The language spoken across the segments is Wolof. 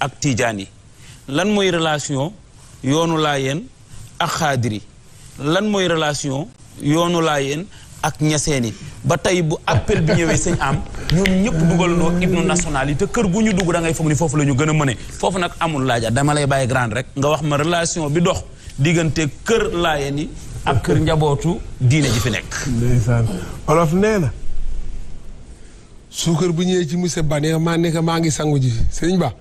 ak tijaani lan moy relation yoonu laayeen ak khadiri lan moy relation yoonu laayeen ak ñasseni ba tay bu appel bi ñewé señ am ñun ñepp duggal no ibnu national yi te kër gu ñu dugg da ngay fogni ni lañu gëna mëne fofu nak amul laaja dama lay baye grand rek nga wax ma relation bi dox digënté kër yi ak kër njabootu diiné ji fi nek ndeysaan olof nee su kër bu ñewé ci monsieur Ba ma nekk ngi sangu ji señ Ba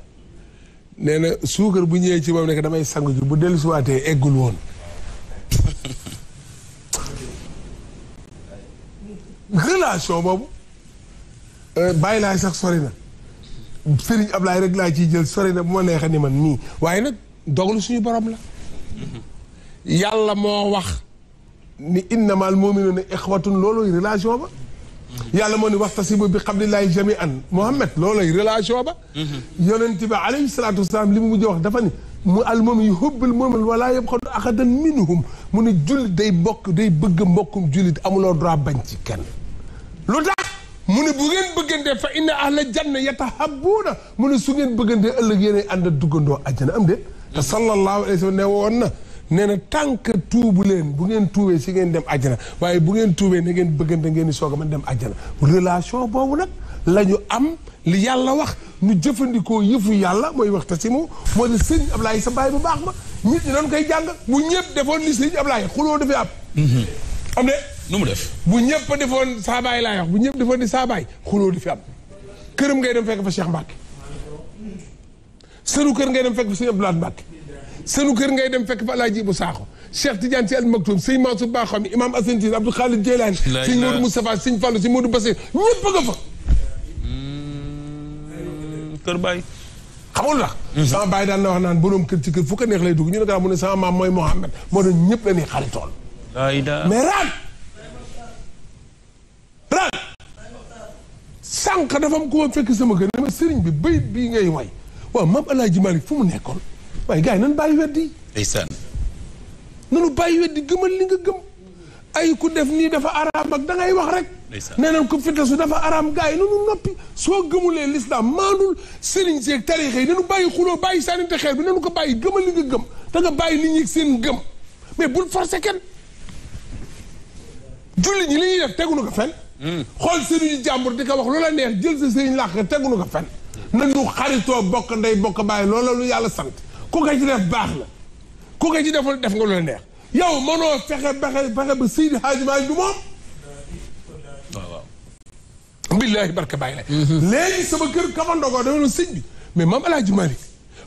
nee na suukar bu ñëwee ci moom nekk damay sangu ji bu dellusiwaatee eggul woon. relation boobu euh, bàyyi laay sax sori na ab laay rek laa ciy jël sori na bu ma neexee ni man nii waaye nag dogalu suñu borom la. yàlla moo wax ni innamal mu'minuuna ixwatun loolu relation ba. يالا موني واختصموا بقبل الله جميعا محمد لولاي ريلاسيون با يونت بي عليه الصلاه والسلام لي مودي واخ دافاني المؤمن يحب المؤمن ولا يبخل احدا منهم من جول داي بوك داي بغ مبوكم جوليت امولو درا بانتي كان لوتا من بوغين بغند فان اهل الجنه يتحبون من سوغين بغند الله يني اند دوغندو اجنه ام دي صلى الله عليه وسلم nee na tant que tuubu leen bu ngeen tuubee si ngeen dem àjjana waaye bu ngeen tuubee na ngeen bëggante ngeen di soog a mën dem àjjana relation boobu nag la am li yàlla wax nu jëfandikoo yëfu yàlla mooy wax tasimu moo di sëñ Ablaye sa baay bu baax ma nit ñi doon koy jàng bu ñëpp defoon li sëñ Ablaye xuloo dafay am. Mhm. am de. nu mu def bu ñëpp defoon saa laay wax bu ñëpp defoon di saa baay xuloo dafay am këram ngay dem fekk fa Cheikh Mbacke sëru kër ngay dem fekk fa sëñ laa Mbacke. sunu kër ngay dem fekk fa ji bu saaxo Cheikh Tidiane si al Maktoum sëñ Mansour Ba xam imam Assane Cissé Abdou Khalid Jeylaani sëñ Modou Moustapha sëñ Fallou sëñ Modou Bassir ñëpp a fa hmm, kër xamul la sama daan na wax naan borom kër ci kër fu neex lay dugg ñu ne ko ah, mu ne sama maam mooy moo doon ñëpp la ñuy xaritool mais raan raan dafa am ko fekk sama kër ne ma sëriñ bi bayit bii ngay way waaw maam Alaaji Malick fu mu nekkoon waaye gars yi nan bàyyi weddi. ndeysaan. nanu bàyyi weddi gëmal li nga gëm. ay ku def nii dafa araam ak da wax rek. nee nañ ko fitasu dafa araam gars yi nanu noppi soo gëmulee lislaam maandul sëriñ seeg tarixa yi nanu bàyyi xuloo bàyyi sànninte xeer bi nanu ko bàyyi gëmal li nga gëm da bàyyi nit ñi seen gëm mais bul forcé kenn. julli ñi li ñu def teguñu ko hmm. xool sëriñu jàmbur di ko wax loola neex jël sa sëriñ làq teguñu ko fen nañu xaritoo bokk ndey bokk bàyyi loola lu yàlla sant ku nga ci def baax la ku nga ci def nga lu neex yow mënoo fexe fexe fexe ba Seydi Hadji Malick du moom. waaw waaw. billaahi barke bàyyi la. kër Kama Ndogo dama doon sëñ bi mais maam El Hadji Malick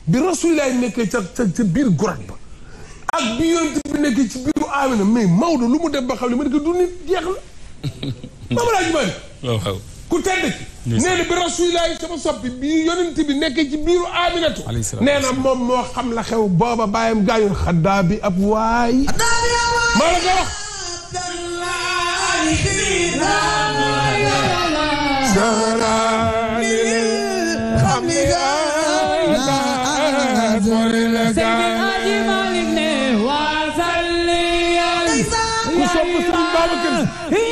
bi Rasulilaay nekkee ca ca ca biir Gorat ba. ak bi yonent bi nekk ci biiru Amina mais Maodo lu mu def ba xam ne ma ne ko du nit jeex la. maam El Hadji Malick. ku tedd ki nee na bi rasulilaay sama soppi bi yonent bi nekk ci biiru aminatu nee na moom moo xam la xew booba bàyyam gaañul xaddaa bi ab waay maa la ko wax ku sopp Sëriñ Babacar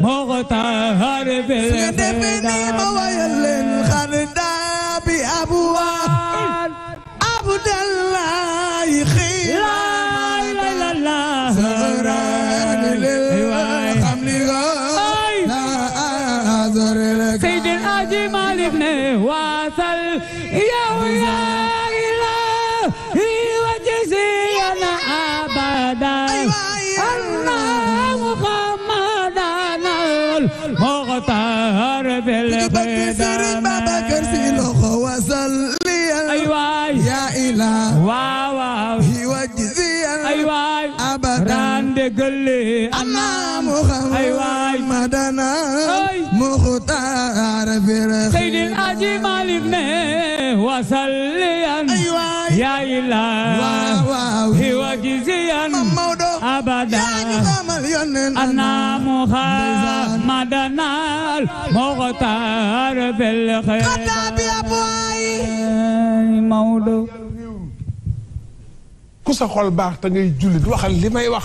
مغتهر بالفدا مويل خردا بأبوان عبد الله خير لا إله لا أعذر لك سيد الأجمال ابن واصل يا ويا أنا محمد مدنا مختار فرخ سيد الأجي مالبنا وصليا يا إله هو جزيا أبدا أنا محمدنا مختار بالخير كتابي أبواي مولو ku sa xol baax te ngay jullit waxal li may wax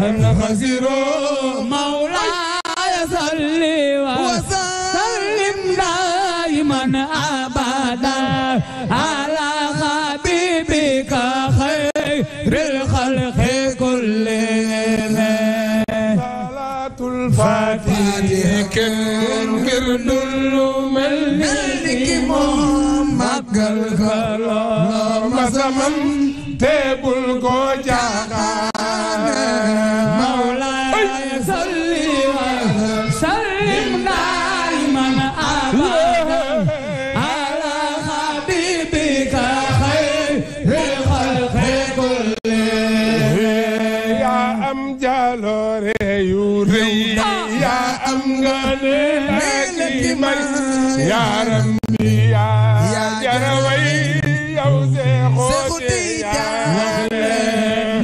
هل خسر مولاي صلي وسلم دائما ابدا على حبيبك خير الخلق كلهم صلاة الفاتحة كن قرد الملك محمد قلقل اللهم سمن تبل yu rëy ah. yaa am nga léegi may yaaram bi yaa jaraway yow seexoote yaa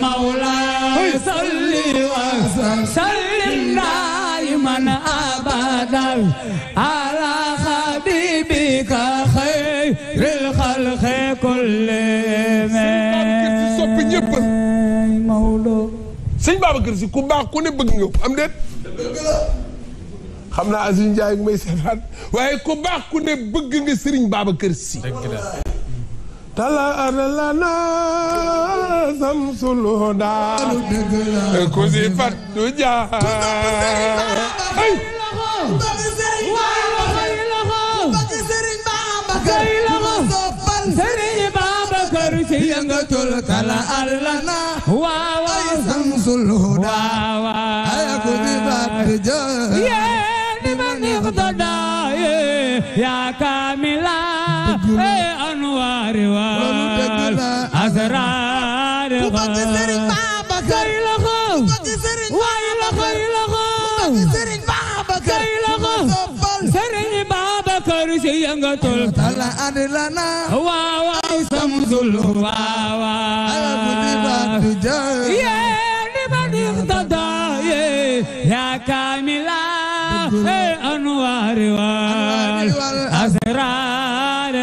mawla salli wa sallim daiman abadan ala habibika xayril xalqi kullihim Babacar si ku baax ku ne bëgg nga ko am déet xam naa Aziz Ndiaye may seetaan waaye ku baax ku ne bëgg nga Serigne Babacar si tala arala na samsul huda ku si fat du jaa يا كاملا اي انوار واسرار ينقتل طلع لنا واو سمزل واو يا الغدايا يا كاملا أنوار والأسرار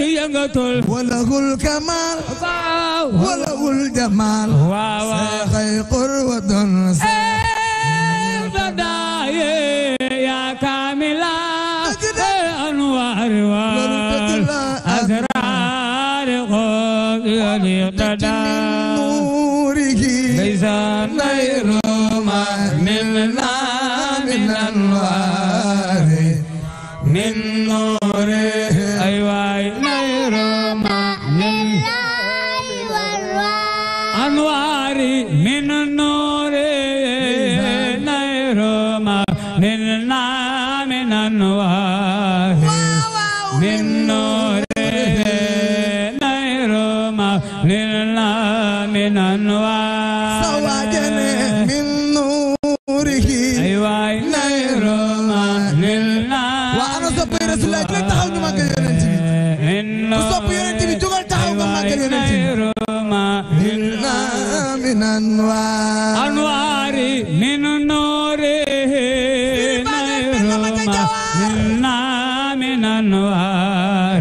ينقتل وله الكمال وله الجمال وله القروة وليقتدى نوره ليس غير منا من انوار من نوره ايوه غير من انوار من نوره غير منا من انوار من نوره غير ما هلنا من أنوار أنوار من نوره غير ما هلنا من أنوار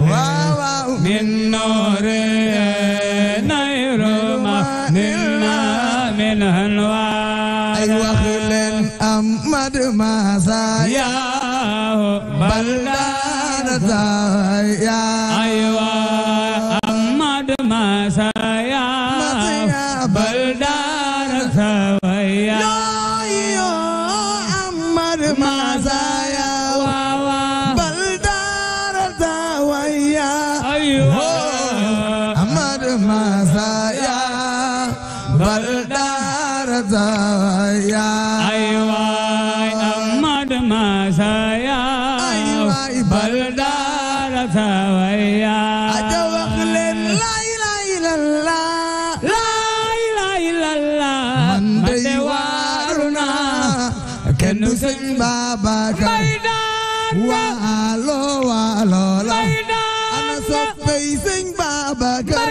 من نوره غير ما هلنا من أنوار أيوة خلن أمد ما زايا بلدان زايا أيوة bal daar zaaya ay waay amad masaya ay waay bal daar zaaya aja wax leen la ilaha illallah la ilaha illallah man de waruna kenn du sëñ Babacar waalo waalo la ana soppey sëñ Babacar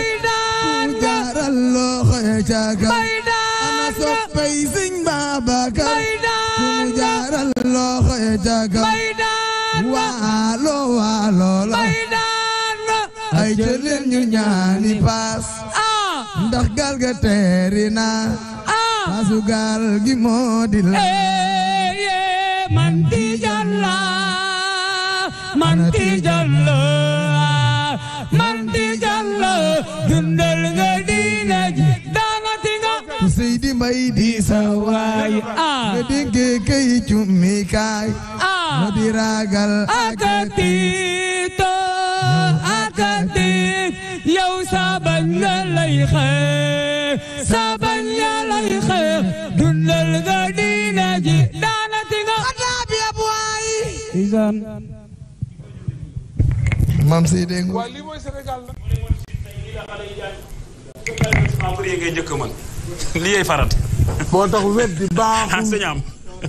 daga ana so fay Sëriñ Babacar ku mu jaaral loxo e daga waalo waalo la ay jëleen ñu ñaani paas ah. ndax gaal ga teeri na ah. paasu gaal eh, eh, eh, jalla man jalla bay di sa waay ah. ma déggee kay cummi kaay ah. ma di ragal akatiito akatiit yow saaban ya lay xeex saaban ya lay xeex dundal nga diina ji daanati nga xataab ya bu waay maam si dégg nga lii yee farata. moo tax weddi baaxul. Ah,